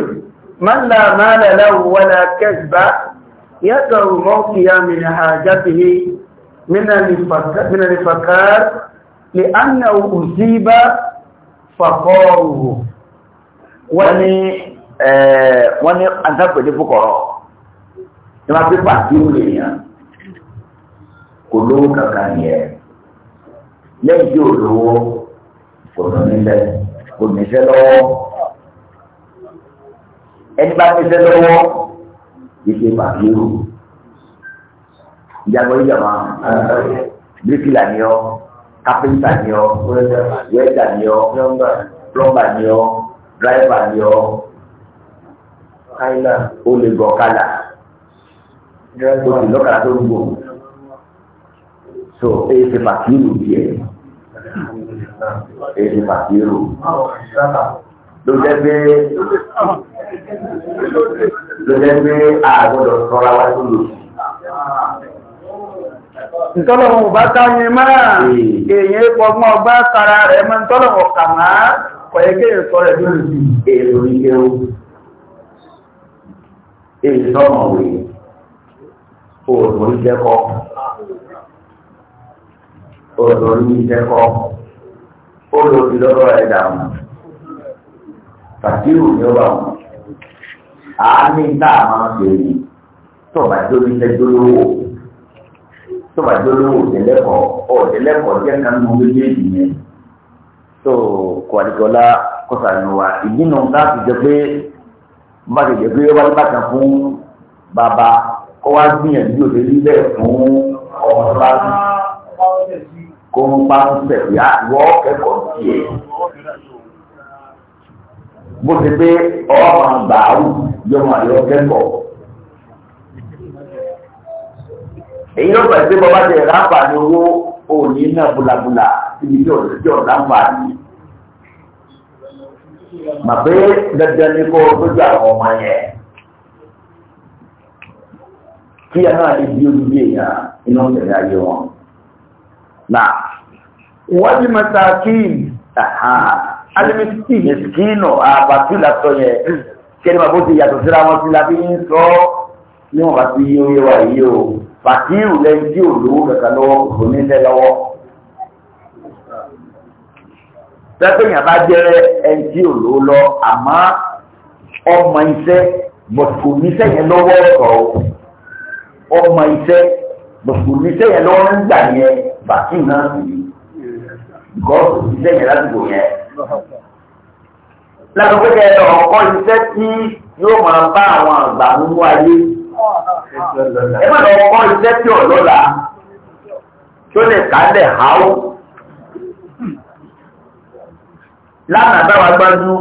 man la mala lahu wala kasba من الفكار من الفكار لأنه أصيب فقاره وني wọ́n ní àtàkùn ní fúkọ̀rọ̀ ní wọ́n fi pàṣíwò lè yàn kò lówó kankan yẹn lẹ́yìn tí ò lówó kò nù nílẹ̀ kò níṣẹ́ lọ́wọ́ ẹni bá níṣẹ́ lọ́wọ́ kì í ṣe pàṣíwò ìjàgbọ́ ìjàmá bíríkìlà ni ọ́ kápẹ́ńtà ni ọ́ wẹ́dà ni ọ́ plọ́mbà ni ọ́ dráìvà ni ọ́ ó lè gọ̀ kálà ó sì lọ́kàlà tó ń gbò so èyí ti pàkírù díẹ̀ èyí ti pàkírù ló jẹ́ pé ló jẹ́ pé àgbọ̀dọ̀ sọ́ra wá tó lò sí ntọ́lọ̀wọ̀ bá táyé máa èyí pọ̀gbọ́n bá tara rẹ̀ mọ́ ntọ́lọ̀wọ̀ kà máa kọ̀ẹ́kẹ́ ìsọ́rẹ̀ lórí èèrò ìgbẹ̀rún èyí sọ́mọ̀ wè òòrùn ìjẹ́kọ́ òòrùn ìjẹ́kọ́ olóòtú lọ́rọ̀ ẹ̀ dàmú pàtíwù ni ó bá wọn àánú ìta àwọn ọ̀sẹ̀rì tọ̀bà tó ní tẹ́jọ́ lówó tọ̀bà tó lówó tẹ́lẹ̀kọ̀ ọ̀tẹ́lẹ̀kọ̀ jẹ́ kánú méjèèjì yẹn tó kọ̀ọ̀dìkọ̀lá kọ̀sánù wa ìdí nù ká fi jẹ pé má ti jẹ́ pé ó wáyé bàtà fún bàbá kó wá gbìyànjú òde níbẹ̀ fún ọmọ bá kó ń bá ń tẹ̀lé àwọ̀ kẹ́kọ̀ọ́ tiẹ̀ bó ti pé ọmọ gbàù yọmọ àyọ kẹ́kọ̀ọ́. èyí ló pẹ̀lú pé bọ́bá ti rà ń pàdé owó òní náà búlabúla síbi tí ọ̀dọ́ tí ọ̀dá mà pé dandan ní kó tójú àwọn ọmọ yẹn kí ẹ náà lè di olùdí èèyàn inú ìṣẹ̀lẹ̀ ayé wọn. Nà wọ́n ní masakin alimisi misikino abatu latọ yẹ kẹ́ni ma ti yàtọ̀ síra wọn sí labi ń sọ níwọ̀n bá ti yí wa yìí o fàtíhù lẹ́yìn tí ò lówó kankan lọ́wọ́ kò ní lẹ́ lọ́wọ́ tẹ́gbẹ̀yìn bá jẹ́ ẹni tí ò lò lọ àmọ́ ọmọ iṣẹ́ bọ̀tù níṣẹ́ yẹn lọ́wọ́ ọ̀tọ̀ ọmọ iṣẹ́ bọ̀tù níṣẹ́ yẹn lọ́wọ́ ń gbà yẹn bàtí náà sì kọ́ iṣẹ́ yẹn lásìkò yẹn. lásìkò yẹn lọ ọkọ iṣẹ́ tí yóò máa bá àwọn àgbà nínú ayé ẹ má lọ ọkọ iṣẹ́ tí ò lọ́la tó lè ká háwó. lánàá báwa gbájú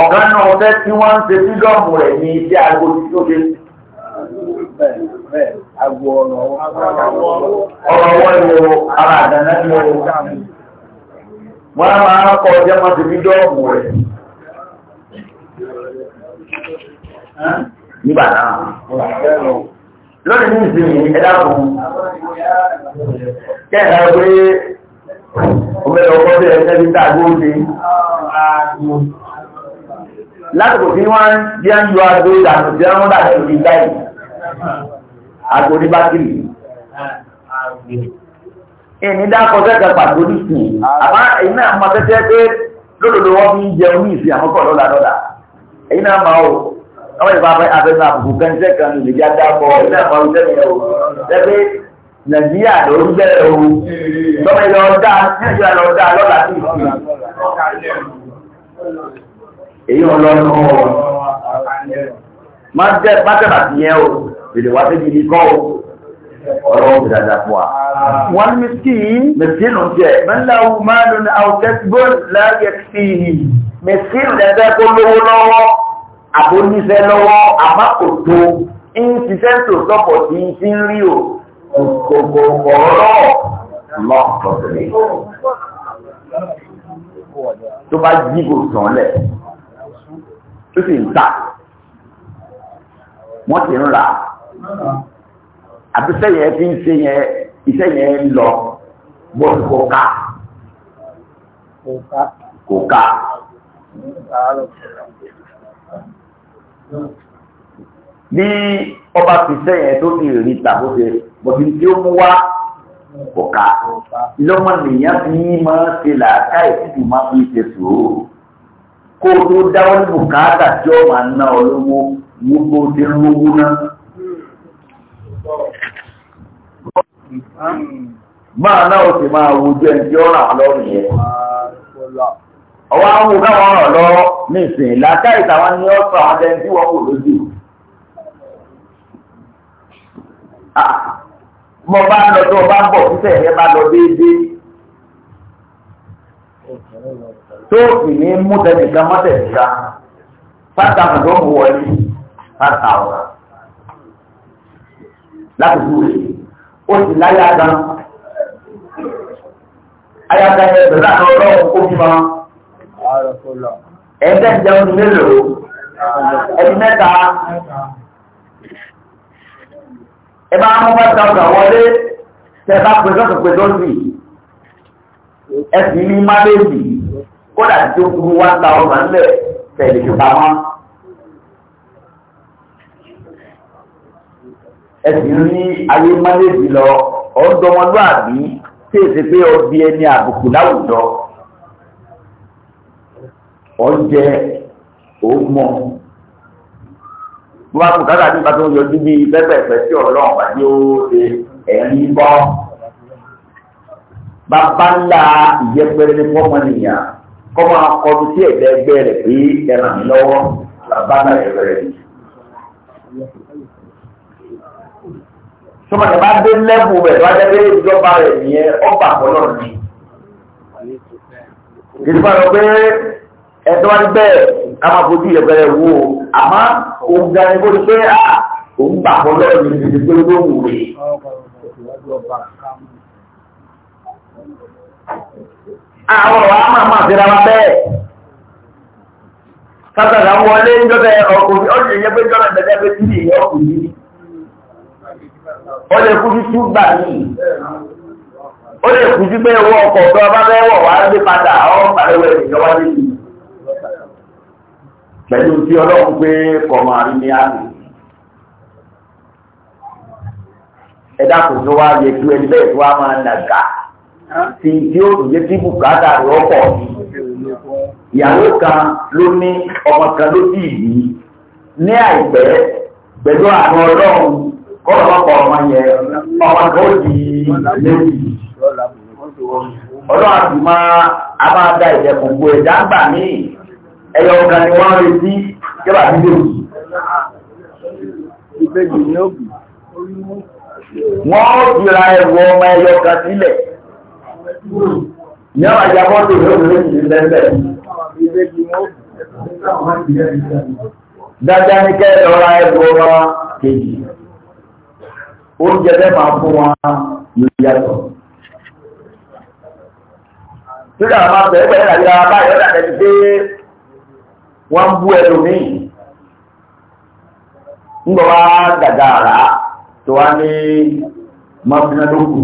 ọ̀gá náà fẹ́ tí wọ́n ń ṣe fídọ́ọ̀mù rẹ̀ ní tí ọ̀rọ̀ ni o ara àdáná ni o wọ́n á máa kọ ọjọ́ máa ṣe fídọ́ọ̀mù rẹ̀. nígbà ọmọdé ọkọ̀ bí ẹgbẹ́ bí tàà gbóòdé látòkò tí wọ́n bí a ń yọ agbó ìdànù tí wọ́n dà sí ìgbà yìí agbó ní bátìrì ìní dákọ̀ sẹ́kẹ̀ pàtó ní sùn àmá èyí náà máa tẹ́tẹ́ pé lódòdó wọ́n fi ń jẹun ní ìsìn àmọ́kọ̀ lọ́la lọ́la èyí náà máa ò wọ́n ìfà afẹ́fẹ́ àbùkù kan nàìjíríà ló ń bẹ̀rẹ̀ o lọ́mọ ilẹ̀ ọ̀dá nàìjíríà lọ dá lọ́la sí ìsìn èyí wọn lọ́nà ọ̀ má tẹ̀ bá ti yẹn o lè wá sí ibi kọ́ o ọ̀rọ̀ òkè dáadáa fún wa. wọ́n ní kí mẹ̀sìnù jẹ́ mẹ́láwù máa lò ní àwòtẹ́sígbó láàyè sí i mẹ̀sìnù lẹ́fẹ́ kó lówó lọ́wọ́ àbóníṣẹ́ lọ́wọ́ àbá kò tó ń ṣiṣẹ́ tó sọ́pọ̀ sí ti ń gbogbo ọ̀rọ̀ lọ́kọ̀ọ̀tẹ̀lẹ̀. tó bá jígò tán lẹ̀ tó sì ń tà wọ́n ti ń ra àti sẹ́yìn ẹ fi ń ṣe yẹn iṣẹ́ yẹn ń lọ bó kò ká kò ká. bí ọba fi sẹ́yìn tó fi rí tàbó ṣe bọ̀dé tí ó mú wá ọ̀ka lọ́mọnìyàn fi máa ṣe làákà ìtìtì máa fi ṣe sòrò kó o tó dáwọ́ ní bùkátà tí ó máa ná ọ lówó wó kó o ti ń lówó náà. máa náà ó sì máa wojú ẹni tí ó ràn lọ́rùn yẹn. ọwọ́ àwọn òun náà ràn lọ́wọ́ làákà ìtàwọn ni ó àwọn ẹni tí wọ́n kò lójú mo bá ń lọ tó o bá ń bọ̀ títẹ̀ yẹn bá lọ déédéé tó o sì ní mú tẹnìkan mọ́ tẹnìkan pátá tó ń wọlé pátá ọ̀rọ̀ láti dúró ó sì láyé àgbà ayáta yẹn bẹ̀rẹ̀ àwọn ọlọ́run kó fún ọ ẹgbẹ́ mélòó ẹni ẹ bá mú five thousand wọlé tẹ bá pè sọ́tò pè lọ́sì ẹ sì ní máléèjì kódà tí ó kúrú one thousand lẹ̀ tẹ̀lé ìpamọ́ ẹ sì ní ayé máléèjì lọ ọ̀dọ́mọlúàbí tí èsì pé ọbí ẹni àbùkù láwùjọ ọ̀jẹ̀ òun mọ́ mo bá kù káàkiri nípa tó ń yọjú bí pẹ́pẹ́pẹ́ sí ọlọ́run àti ó ṣe ẹ̀rí bọ́. bàbá ńlá ìyẹpẹrẹ ní fọ́mọnìyàn kọ́ máa kọlu sí ẹ̀gbẹ́ ẹgbẹ́ rẹ̀ pé ẹ ràn mí lọ́wọ́ bàbá ńlá ìyẹpẹrẹ ni. sọmọdé bá dé lẹ́bù rẹ̀ lọ́jọ́ pé ìjọba rẹ̀ nìyẹn ọgbà pọ̀lọ́ ni. kìí fọ́n lọ pé wá ní bẹ́ẹ̀. ká máa fojú ìyẹ̀bẹ̀rẹ̀ wo àmọ́ òun gan ni ní pé òun gbà fọ́ lọ́rọ̀ ní ibi tó ló wù mí. àwọn ọ̀rọ̀ á máa fi ra wa bẹ́ẹ̀ sátàdà ń wọlé níjọba ọkùnrin ó lè pé jọba ìbẹ̀dẹ̀ pé tí ìyẹn ọkùnrin ó lè kú yìí ó lè kú sí pé owó ọkọ̀ pẹ̀lú tí ọlọ́run pé kọmọ àrí ní àmì ẹ̀dá kò tó wá yẹ kí ẹni bẹ́ẹ̀ tó wá máa nàgà tí tí ó tún yẹ tí bùkátà rẹ̀ ọkọ̀ ìyàwó kan ló ní ọmọ kan ló sì yí ní àìpẹ́ pẹ̀lú àwọn ọlọ́run kọ́lọ̀ ọmọ yẹn ọmọ kan ó di méjì ọlọ́run àti máa a máa da ìdẹ̀kùn gbogbo ẹ̀dá gbà míì ẹ̀yọ ọ̀gá ni wọ́n rí sí yọ́bà nílé òjì. Wọ́n ó ti ra ẹ̀rù ọmọ ẹyọ kan sílẹ̀. Yọ́bà jábọ́ tó yóò rí sí lẹ́sẹ̀. Dájá ní kẹ́ ẹ̀rọ ra ẹ̀rù ọmọ kejì. Oúnjẹ bẹ́ẹ̀ máa fún wọn yóò yàtọ̀ nígbà máa bẹ̀rẹ̀ pẹ̀lú àyíká báyọ̀ dàbẹ̀ ti dé wọ́n bú ẹlòmíì ńgbọ́ wá dàgbà àrá tó wá ní mọ́fínàlókù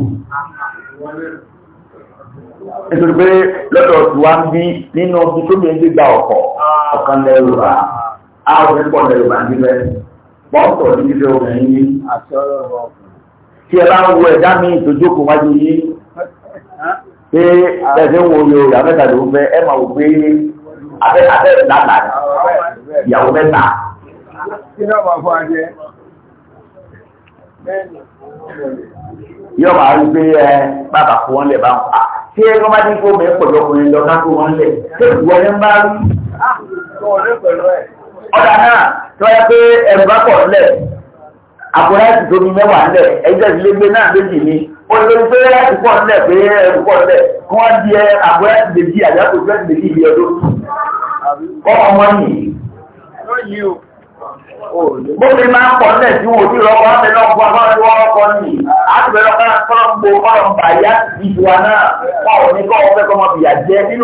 nítorí pé lọ́dọ̀ tí wá bí nínú ọdún tó lè gbígba ọ̀pọ̀ ọ̀kan lẹ́rùbá àwọn pọ̀ lẹ́rùbá nílẹ̀ pọ́ọ̀tọ̀ nílé obìnrin ní tí ẹ bá ń wo ẹ̀dá mi ìtòjókòó wájú yìí pé ẹ̀sìn wo yorùbá mẹ́ta ló abẹ́ abẹ́ ìlànà ìyàwó mẹ́ta. yóò máa ẹ bàbá kó wọn lè bá wọn tí ẹ kọ́má ní kó mẹ́rin pẹ̀lú ọkùnrin lọ ká wọn lẹ̀ tí ìwọ ni bá rí. Ah, ọ̀dà náà tí wọ́n yẹ pé ẹ̀rù bá pọ̀ ńlẹ̀ àpò láti tóbi mẹ́wàá ńlẹ̀ ẹgbẹ́ ìdílé náà méjì ni olùdókòwò pé ẹ̀rù pọ̀ nílẹ̀ pé ẹ̀rù pọ̀ nílẹ̀ kí wọ́n di ẹ àbọ̀ ẹ̀sìn méjì àjàkù ẹ̀sìn méjì ìlú ọdún kọ́ ọmọ yìí. bó ṣe máa ń pọ̀ nílẹ̀ tí wò ti rọ ọmọ mi náà fún ọmọ tí wọ́n kọ́ ni àtúbẹ̀ ní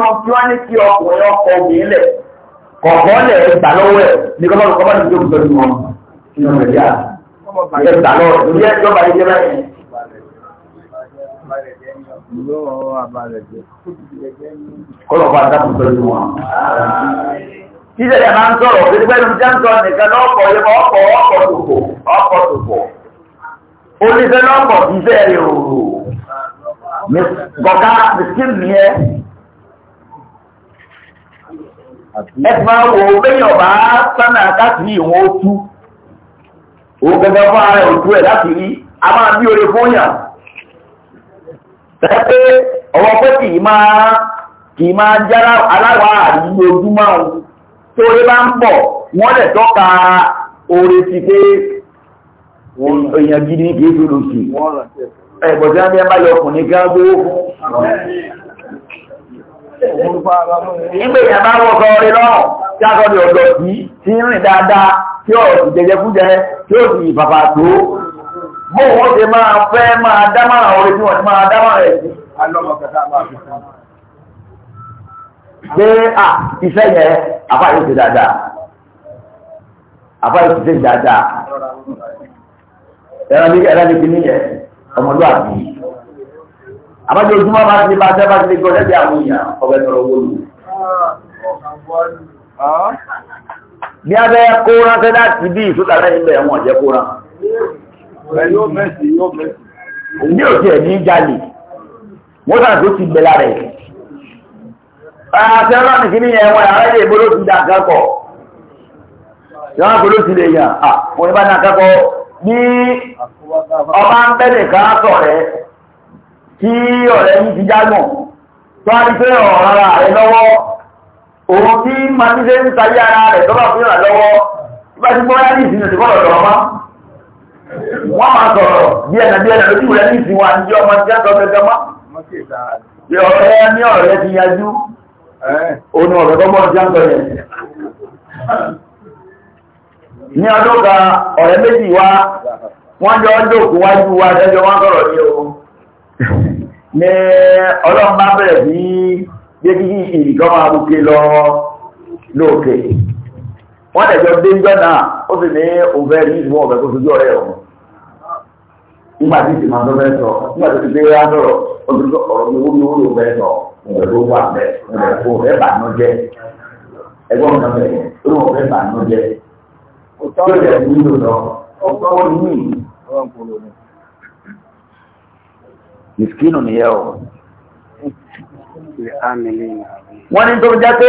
kọ́ ọ̀fẹ́ kọ́mọ kọ́lọ̀ bá dákùn pẹ̀lú wọn. Ìṣẹ̀lẹ̀ máa ń sọ̀rọ̀ pé pẹ́lú Jẹ́ǹsọ̀ nìkan lọ́pọ̀ yẹmọ ọkọ̀ ọkọ̀ tòkò ọkọ̀ tòkò. Oníṣẹ́ lọ́pọ̀ kì í fẹ́ rẹ̀ òòrò. Gọ̀ká mìsíkìn ni ẹ. Ẹ ti máa wo bẹ́yìn ọ̀bá sánà káàkiri ìwọ̀n ó tú. Òun gẹ́gẹ́ fún ara ẹ̀ òtú ẹ̀ láti rí. A tẹ́lẹ̀ pé ọwọ́ pé kì í máa kì í máa jẹ́ aláwa àdúgbò ojúmọ́ ohun tó rí bá ń bọ̀ wọ́n lẹ̀ tọ́ka oore ti pé èèyàn gidi ní kìí fèrò sí ẹ̀bọ̀ tí wọ́n bí ẹ bá lọ ọkùnrin gan gbówó fún nígbà èèyàn bá wọ́n sọ bó wọ́n ṣe máa fẹ́ máa dámàrà orí tí wọ́n ti máa dámàrà ẹ̀ sí. alọ́mọ kẹta máa fi fún un. pé à iṣẹ́ yẹn àbá yóò ṣe dáadáa àbá yóò ṣe dáadáa ẹran ní ẹran ní kíní yẹn ọmọlúwàbí àbájọ ojúmọ́ bá ti bá tẹ́ bá ti gbọ́ lẹ́bí àwọn èèyàn ọ̀bẹ tọrọ owó lù. bí a bẹ kó láti bí ìtúkàlẹ́ níbẹ̀ wọn jẹ́ kó ní òkè ní jalè mọ́tà tó ti gbẹ̀lá rẹ̀ àti ọlọ́run kìíní yẹn wọ́n yàrá ilé ìbò ló ti dà kẹ́kọ̀ọ́ yàrá kò ló ti lè yàn à wọ́n bá dà kẹ́kọ̀ọ́ ní ọba ń bẹ̀rẹ̀ ká sọ̀rẹ́ kí ọ̀rẹ́ yìí ti jágbọ̀n tó a ti pé ọ̀rọ̀ ara rẹ̀ lọ́wọ́ òun tí màmí ṣe ń sayé ara rẹ̀ tó bá fi ràn lọ́wọ́ bá ti gbọ́ yá ní ìsinmi ti kọ́ wọ́n máa sọ̀rọ̀ bí ẹ̀nà bí ẹ̀nà lójú rẹ̀ ní ìsìn ní ọmọ tí a sọ gẹ́gẹ́ mọ́ ọ̀rẹ́ ní ọ̀rẹ́ ti yanjú òun ọ̀rẹ́ tó tí a sọ yẹn ní ọdún ọ̀rẹ́ méjì wá wọ́n jọ wa sọ̀rọ̀ ní o ní ọlọ́run wọ́n tẹ̀jọ́ déńjọ́ náà ó sì ní òfẹ́ rí ìmú ọ̀fẹ́ tó sojú ọ̀rẹ́ ọ̀hún nígbà tí ìsìn máa tó fẹ́ sọ nígbà tó ti gbé yá sọ̀rọ̀ ó ti sọ ọ̀rọ̀ mi ó ní ó lò fẹ́ sọ ọ̀rẹ́ tó wà bẹ́ẹ̀ ọ̀rẹ́ tó fẹ́ bà náà jẹ́ ẹgbọ́n mi náà bẹ̀rẹ̀ ó ní ọ̀fẹ́ bà náà jẹ́ yóò jẹ́ nílò lọ ó ní ìsìkínù nìyẹn o. wọ́n ní tó jẹ́ pé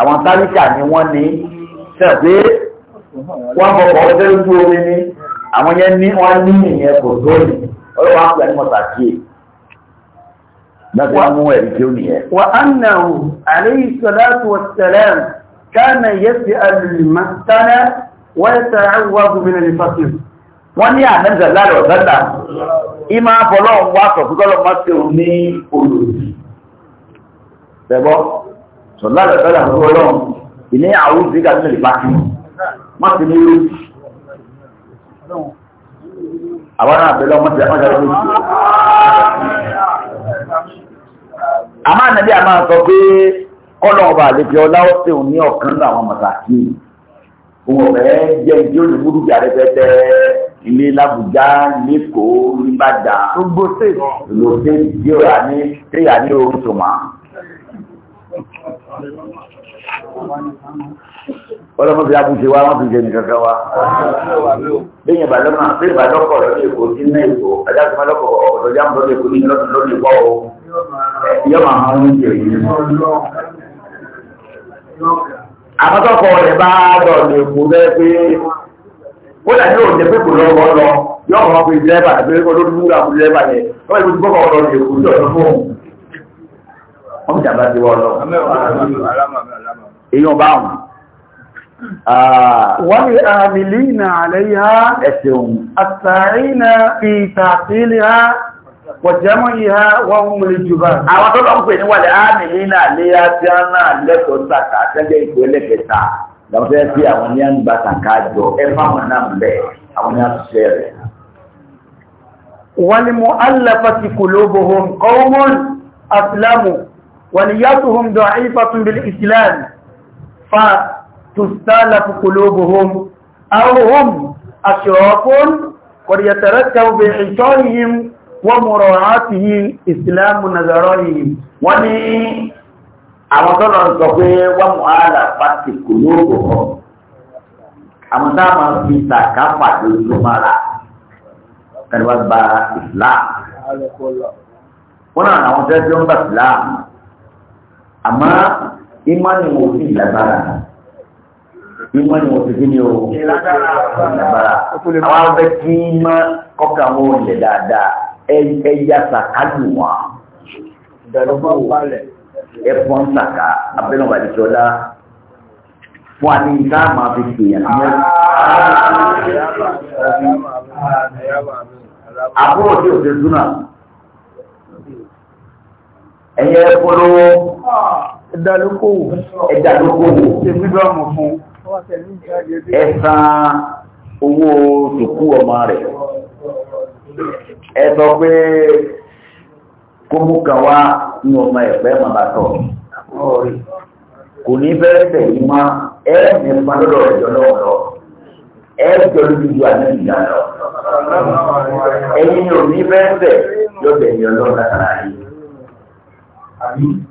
àwọn táríkà ni wọ́n ní tẹ̀pé wọ́n bọ̀bọ̀ ọjọ́ ojú omi ní àwọn yẹn ní wọ́n ní ìyẹn kò tó ní ọlọ́wọ́ àpẹ ní mọ̀tàkì láti mú ẹ̀rí tí ó nìyẹn. wà á nà ó alayhi salatu wa salam kana yas'al al-mastana wa yata'awwadu min al-fasl. wọ́n ní àmẹ́sẹ̀ láàrọ̀ sẹ́ta ìmọ̀ àfọlọ́ọ̀ wà sọ̀tún kọ́lọ́ sọ̀lá àgbẹ̀fẹ́lẹ̀ àwọn ọlọ́run ìní àwọn ìdígà tó lè pàtó wọ́n ti ní irú àwọn náà bẹ̀rẹ̀ ọmọ tẹ̀lé ọjọ́ lójú àmọ́ ànàbí àmọ́ sọ pé kọ́lọ̀ ọba àlejò ọláwọ́ tí òun ní ọ̀kan nínú àwọn màtàkì òun ọ̀rẹ́ jẹ́ ìdí olùmúdú bí àrẹ́fẹ́fẹ́ ilé làbújá lẹ́kọ̀ọ́ nìbàdàn gbogbo sí ìlú sí ìdí ọ̀rá ní tẹ́yà ní oṣù mọ́ ọlọ́mọ bí a bú ṣe wá wọ́n fi jẹ nìkan kan wá lẹ́yìn ìbàdọ́kọ̀ lẹ́yìn ìbàdọ́kọ̀ lọ́dún èkó sí ní èkó ajáṣẹ́mọ́ lọ́kọ̀ ọ̀dọ̀ jáàmù lọ́dún èkó ní lọ́dún lọ́dún ìpọ́ o yọ máa hàn ní ìjẹ yìí. àmọ́tọ́kọ̀ rẹ̀ bá lọ́dún èkó bẹ́ẹ̀ pé ó dàbí wọ́n jàmbá sí wọ́n lọ. èèyàn bá wọn. wọ́n ni àmìlì ìnà àlẹ́yà ẹ̀sẹ̀hùn àtàrínà ìtàfíìlìá pọ̀jẹ́mọ́ ìhá wọ́n mú lè jùbá. àwọn tó lọ́pù ní wà lẹ́ àmìlì ìnà àlẹ́yà tí a náà wọ́n ni mo alẹ́ fásitì kò lóbo hom kọ́wọ́mọ́n àfìlámù ونيتهم ضعيفة بالإسلام فتستالف قلوبهم أو هم أشراف قد يترتب بإعطائهم ومراعاته إسلام نظرائهم وني àwọn tọ́lọ̀ ń sọ pé wọ́n mú ààlà pàtì kò lóògùn hàn àwọn tá a máa fi ìtàkà pàdé lómara kẹlẹ́wà gba ìsìláàmù wọ́n náà àwọn tẹ́jọ́ ń gba àmọ́ imani mo fi lágbára imani mo fi kí ni o lágbára àwọn abẹ́ kí mọ́ kọ́kà wọn ò lè dáadáa ẹ̀yà sàkájú wọn ẹ̀fọn sàká abẹ́nà wàlíkọ́lá fún àní ìdá máa fi pèèyàn ní àbúrò tí ò ṣe súnà ẹ̀yẹ polówó ẹ̀dàlókòwò ẹ̀dàlókòwò ṣe fídọ́mù fún ẹ̀sàn owó tòkú ọmọ rẹ̀ ẹ sọ pé kó mú kan wá ní ọmọ ẹ̀pẹ́ màbàtọ̀ kò ní bẹ́ẹ̀ tẹ̀yí mọ́ ẹ nípa lọ́dọ̀ ẹ̀jọ́ lọ́wọ́ lọ ẹ jọ lójú ju àná ìyá lọ ẹ̀yin ò ní bẹ́ẹ̀ tẹ̀ yọ̀bẹ̀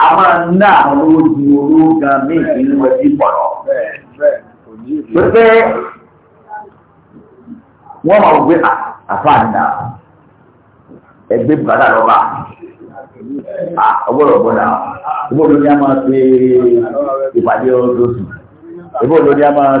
a máa ń ná àwọn olówó ju olówó gan ní ìpínlẹ̀ wẹ́sí pọ̀lọ́. pépé wọ́n máa gbé àfáàná ẹgbẹ́ bùkátà lọ́ba ọgbọ́dọ̀ gbọ́dọ̀ ìbò lórí a máa ṣe ìpàdé ọdún ìbò lórí a máa